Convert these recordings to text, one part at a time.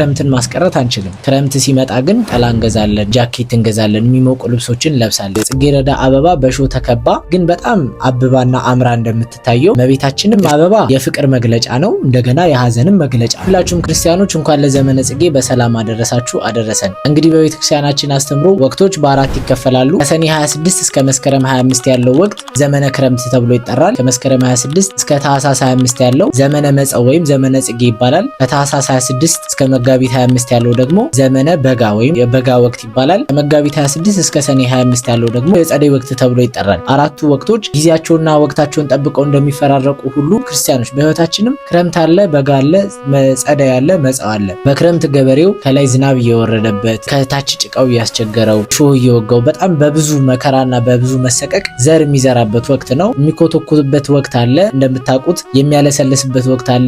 ክረምትን ማስቀረት አንችልም። ክረምት ሲመጣ ግን ጥላ እንገዛለን፣ ጃኬት እንገዛለን፣ የሚሞቁ ልብሶችን ለብሳለን። ጽጌረዳ አበባ በሾ ተከባ ግን በጣም አብባና አምራ እንደምትታየው መቤታችንም አበባ የፍቅር መግለጫ ነው፣ እንደገና የሀዘንም መግለጫ። ሁላችሁም ክርስቲያኖች እንኳን ለዘመነ ጽጌ በሰላም አደረሳችሁ አደረሰን። እንግዲህ በቤተክርስቲያናችን አስተምሮ ወቅቶች በአራት ይከፈላሉ። ከሰኔ 26 እስከ መስከረም 25 ያለው ወቅት ዘመነ ክረምት ተብሎ ይጠራል። ከመስከረም 26 እስከ ታህሳስ 25 ያለው ዘመነ መጸው ወይም ዘመነ ጽጌ ይባላል። ከታህሳስ 26 እስከ መጋ መጋቢት 25 ያለው ደግሞ ዘመነ በጋ ወይም የበጋ ወቅት ይባላል። ከመጋቢት 26 እስከ ሰኔ 25 ያለው ደግሞ የጸደይ ወቅት ተብሎ ይጠራል። አራቱ ወቅቶች ጊዜያቸውና ወቅታቸውን ጠብቀው እንደሚፈራረቁ ሁሉ ክርስቲያኖች በህይወታችንም ክረምት አለ፣ በጋ አለ፣ ጸደይ አለ፣ መጸው አለ። በክረምት ገበሬው ከላይ ዝናብ እየወረደበት ከታች ጭቃው እያስቸገረው ሾህ እየወጋው በጣም በብዙ መከራና በብዙ መሰቀቅ ዘር የሚዘራበት ወቅት ነው። የሚኮተኩትበት ወቅት አለ እንደምታውቁት የሚያለሰልስበት ወቅት አለ፣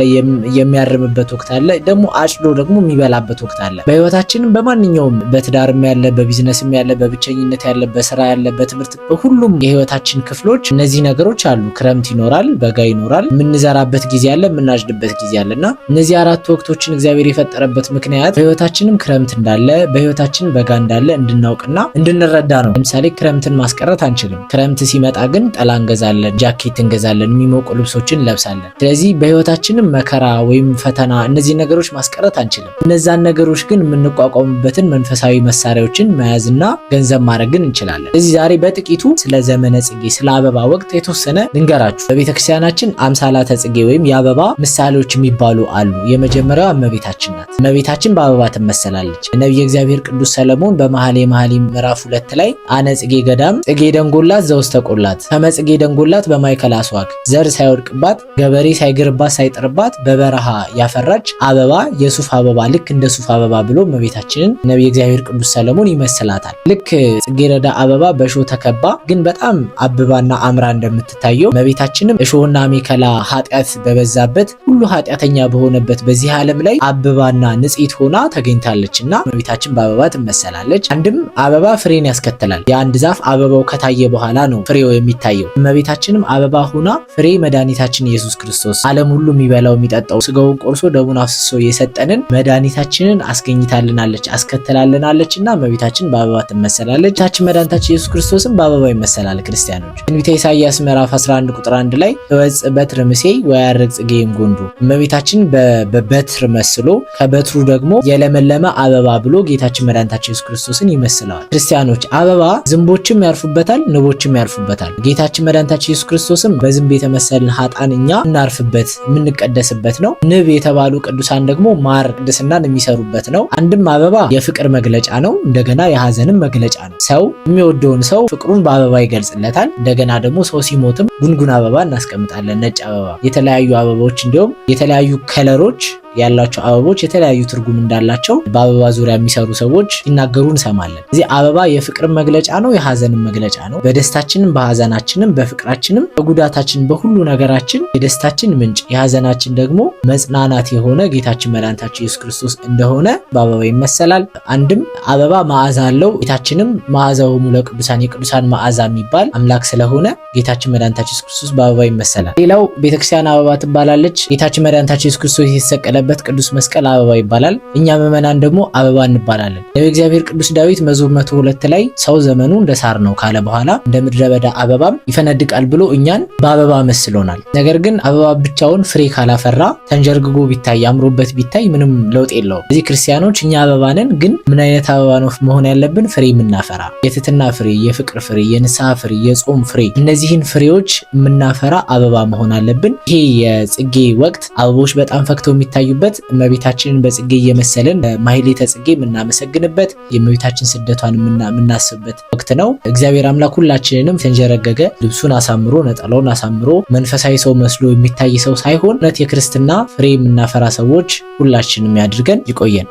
የሚያርምበት ወቅት አለ ደግሞ አጭዶ ደግሞ የሚበላበት ወቅት አለ። በህይወታችን በማንኛውም በትዳርም ያለ በቢዝነስም ያለ በብቸኝነት ያለ በስራ ያለ በትምህርት በሁሉም የህይወታችን ክፍሎች እነዚህ ነገሮች አሉ። ክረምት ይኖራል፣ በጋ ይኖራል፣ የምንዘራበት ጊዜ አለ፣ የምናጅድበት ጊዜ አለ እና እነዚህ አራት ወቅቶችን እግዚአብሔር የፈጠረበት ምክንያት በህይወታችንም ክረምት እንዳለ በህይወታችን በጋ እንዳለ እንድናውቅና እንድንረዳ ነው። ለምሳሌ ክረምትን ማስቀረት አንችልም። ክረምት ሲመጣ ግን ጠላ እንገዛለን፣ ጃኬት እንገዛለን፣ የሚሞቁ ልብሶችን እንለብሳለን። ስለዚህ በህይወታችንም መከራ ወይም ፈተና እነዚህ ነገሮች ማስቀረት አንችልም። እነዛን ነገሮች ግን የምንቋቋምበትን መንፈሳዊ መሳሪያዎችን መያዝና ገንዘብ ማድረግን እንችላለን። እዚህ ዛሬ በጥቂቱ ስለ ዘመነ ጽጌ፣ ስለ አበባ ወቅት የተወሰነ ልንገራችሁ። በቤተክርስቲያናችን አምሳላተ ጽጌ ወይም የአበባ ምሳሌዎች የሚባሉ አሉ። የመጀመሪያዋ እመቤታችን ናት። እመቤታችን በአበባ ትመሰላለች። ነቢየ እግዚአብሔር ቅዱስ ሰለሞን በመሀል መኃልይ ምዕራፍ ሁለት ላይ አነ ጽጌ ገዳም ጽጌ ደንጎላት ዘውስተ ቆላት ከመጽጌ ደንጎላት በማይከል አስዋክ ዘር ሳይወድቅባት ገበሬ ሳይግርባት ሳይጥርባት በበረሃ ያፈራች አበባ የሱፍ አበባ ልክ እንደ ሱፍ አበባ ብሎ እመቤታችንን ነቢየ እግዚአብሔር ቅዱስ ሰለሞን ይመስላታል። ልክ ጽጌረዳ አበባ በእሾህ ተከባ ግን በጣም አብባና አምራ እንደምትታየው እመቤታችንም እሾህና ሜከላ ኃጢአት በበዛበት ሁሉ ኃጢአተኛ በሆነበት በዚህ ዓለም ላይ አብባና ንጽሕት ሆና ተገኝታለች እና እመቤታችን በአበባ ትመሰላለች። አንድም አበባ ፍሬን ያስከትላል። የአንድ ዛፍ አበባው ከታየ በኋላ ነው ፍሬው የሚታየው። እመቤታችንም አበባ ሆና ፍሬ መድኃኒታችን ኢየሱስ ክርስቶስ ዓለም ሁሉ የሚበላው የሚጠጣው ስጋውን ቆርሶ ደሙን አፍስሶ የሰጠንን መድ መድኃኒታችንን አስገኝታልናለች አስከትላልናለች እና እመቤታችን በአበባ ትመሰላለች። ታችን መድኃኒታችን ኢየሱስ ክርስቶስን በአበባ ይመሰላል። ክርስቲያኖች ትንቢተ ኢሳያስ ምዕራፍ 11 ቁጥር 1 ላይ እወፅ በትር ምሴ ወያርግ ጽጌም ጎንዱ እመቤታችን በበትር መስሎ ከበትሩ ደግሞ የለመለመ አበባ ብሎ ጌታችን መድኃኒታችን ኢየሱስ ክርስቶስን ይመስለዋል። ክርስቲያኖች አበባ ዝንቦችም ያርፉበታል፣ ንቦችም ያርፉበታል። ጌታችን መድኃኒታችን ኢየሱስ ክርስቶስም በዝንብ የተመሰልን ሀጣን እኛ እናርፍበት የምንቀደስበት ነው። ንብ የተባሉ ቅዱሳን ደግሞ ማር ቅዱስ ቅስናን የሚሰሩበት ነው። አንድም አበባ የፍቅር መግለጫ ነው፣ እንደገና የሀዘንም መግለጫ ነው። ሰው የሚወደውን ሰው ፍቅሩን በአበባ ይገልጽለታል። እንደገና ደግሞ ሰው ሲሞትም ጉንጉን አበባ እናስቀምጣለን፣ ነጭ አበባ፣ የተለያዩ አበባዎች እንዲሁም የተለያዩ ከለሮች ያላቸው አበቦች የተለያዩ ትርጉም እንዳላቸው በአበባ ዙሪያ የሚሰሩ ሰዎች ሲናገሩ እንሰማለን። እዚህ አበባ የፍቅር መግለጫ ነው፣ የሀዘን መግለጫ ነው። በደስታችንም፣ በሀዘናችንም፣ በፍቅራችንም፣ በጉዳታችን፣ በሁሉ ነገራችን የደስታችን ምንጭ የሀዘናችን ደግሞ መጽናናት የሆነ ጌታችን መድኃኒታችን ኢየሱስ ክርስቶስ እንደሆነ በአበባ ይመሰላል። አንድም አበባ መዓዛ አለው። ጌታችንም መዓዛው ሙለ ቅዱሳን የቅዱሳን መዓዛ የሚባል አምላክ ስለሆነ ጌታችን መድኃኒታችን ኢየሱስ ክርስቶስ በአበባ ይመሰላል። ሌላው ቤተክርስቲያን አበባ ትባላለች። ጌታችን መድኃኒታችን ኢየሱስ ክርስቶስ የተሰቀለ የተሳለበት ቅዱስ መስቀል አበባ ይባላል። እኛ ምዕመናን ደግሞ አበባ እንባላለን። ነቢየ እግዚአብሔር ቅዱስ ዳዊት መዝሙር መቶ ሁለት ላይ ሰው ዘመኑ እንደ ሳር ነው ካለ በኋላ እንደ ምድረ በዳ አበባም ይፈነድቃል ብሎ እኛን በአበባ መስሎናል። ነገር ግን አበባ ብቻውን ፍሬ ካላፈራ ተንጀርግጎ ቢታይ አምሮበት ቢታይ ምንም ለውጥ የለውም። እዚህ ክርስቲያኖች እኛ አበባ ነን፣ ግን ምን አይነት አበባ ነው መሆን ያለብን? ፍሬ የምናፈራ የትትና ፍሬ፣ የፍቅር ፍሬ፣ የንስሐ ፍሬ፣ የጾም ፍሬ፣ እነዚህን ፍሬዎች የምናፈራ አበባ መሆን አለብን። ይሄ የጽጌ ወቅት አበቦች በጣም ፈክተው የሚታዩ የምንጸልይበት እመቤታችንን በጽጌ እየመሰልን ማህሌተ ጽጌ የምናመሰግንበት የእመቤታችን ስደቷን የምናስብበት ወቅት ነው። እግዚአብሔር አምላክ ሁላችንንም ተንጀረገገ ልብሱን አሳምሮ ነጠላውን አሳምሮ መንፈሳዊ ሰው መስሎ የሚታይ ሰው ሳይሆን እውነት የክርስትና ፍሬ የምናፈራ ሰዎች ሁላችንም ያድርገን። ይቆየን።